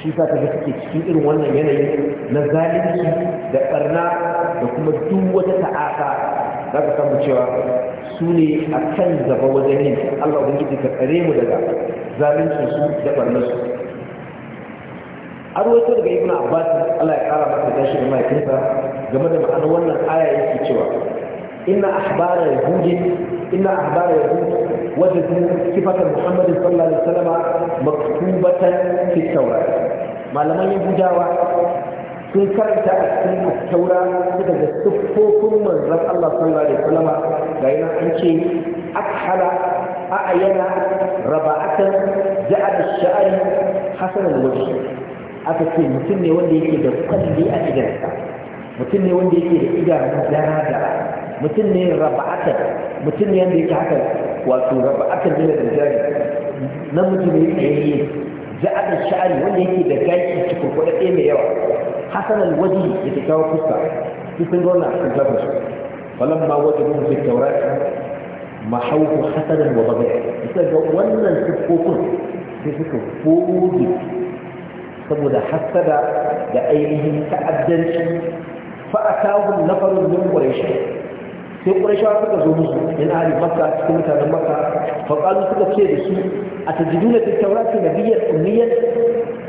shi sa ta suke cikin irin wannan yanayin na zalunci da barna da kuma duk wata ta'aka za ka samu cewa su ne a kan gaba wajen yin Allah ubangiji ka tsare mu daga zalunci su da barnar su arwato daga ibn abbas Allah ya kara masa gashi da mahaifinsa game da ma'anar wannan aya yake cewa inna ahbara yahudi inna ahbara yahudi wajadu sifatan muhammad sallallahu alaihi wasallam maktubatan fi tawrat malaman yahudawa sun karanta a cikin taura su daga siffofin manzon Allah sallallahu alaihi wasallam ga yana an ce akhala a'yana raba'atan ja'al ash-sha'ri hasan al-wajh aka ce mutum ne wanda yake da kwalli a idansa mutum ne wanda yake da idanun dara mutum ne raba'atan mutum ne wanda yake haka wato raba'atan da jari namiji ne tsayayye زعب الشعري واللي يكي بكاي يتكون كل شيء مليوع حسن الوجه يتكاو فسا في سنغونا في فلما وجدوه في التوراة ما حوك حسنا وضبيع يتكاو ولا نتكو كل في سنغونا فوج طب ده حسد لأيهم تأبدن فأتاه النفر من قريش sai ƙurashawa suka zo musu yana hari makka cikin mutanen makka faƙalu suka ce da su a tajiduna ta taurati na biyar ummiyar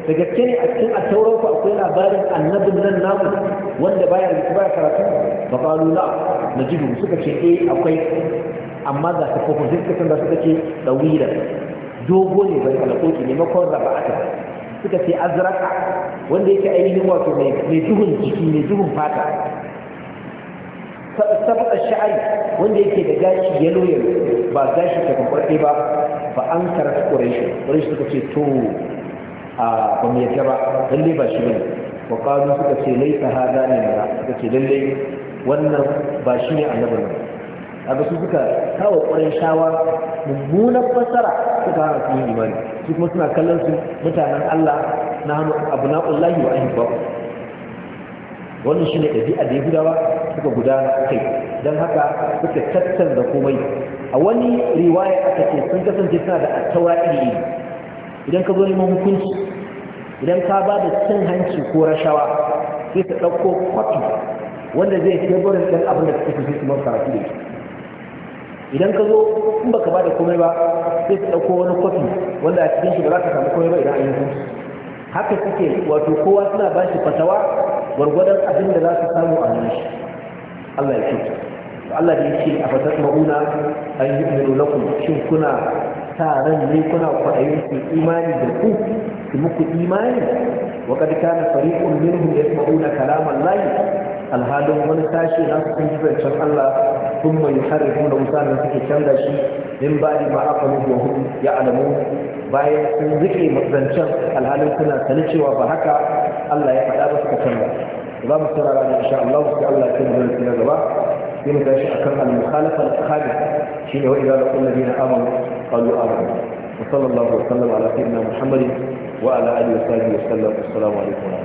da gaske ne a cikin a tauran akwai labarin annabin nan namu wanda baya rubutu baya karatu faƙalu na najidu suka ce eh akwai amma za ta kofin sai suka canza suka ce ɗawira dogo ne bai kalakoki ne makon ta. suka ce azraka wanda yake ainihin wato mai duhun jiki mai duhun fata sabaka sha'ari wanda yake da gashi yalo yalo ba gashi ta kwakwarɗe ba ba an karatu ƙurashi ƙurashi suka ce to a ba mu yadda ba lalle ba shi ne. wa suka ce laisa hada ne ba suka ce lalle wannan ba shi ne annabi ba a su suka kawo ƙwarin shawa mummunan fassara, suka hana sun yi imani su kuma suna kallon su mutanen Allah na hannu abu na na'ullahi wa ahibba wannan shi ne ɗabi'a da ya gudawa suka gudana a kai don haka suka tattar da komai a wani riwaya aka ce sun kasance suna da attaura iri idan ka zo neman hukunci idan ka ba da cin hanci ko rashawa sai ka ɗauko kwafi wanda zai ke gurin ɗan abin da suke fi su karatu da shi idan ka zo in baka ba da komai ba sai ka ɗauko wani kwafi wanda a cikin shi ba za ka samu komai ba idan an yi hukunci haka suke wato kowa suna ba shi fatawa gwargwadon abin da za su samu a nan shi Allah ya ce Allah da yake a fatat mauna an yi umaru ku. shin kuna sa ran ne kuna kwaɗayin ku imani da ku su muku imani wa kad kana fariqun minhum yasma'una kalam Allah alhalin wani tashi na su kun zancen Allah thumma yuharrifuna musalan suke canza shi min ba'di ma aqalu wa ya ya'lamun bayan sun rike zancen alhalin suna sanin cewa ba haka Allah ya faɗa ba suka canza الإمام على إن شاء الله وإن شاء الله تنزل في الزباة فيما تشاء أكرم المخالفة الخالفة شيء هو إذا لقوا الذين آمنوا قالوا آمنوا وصلى الله وسلم على سيدنا محمد وعلى آله وصحبه وسلم والسلام عليكم ورحمة الله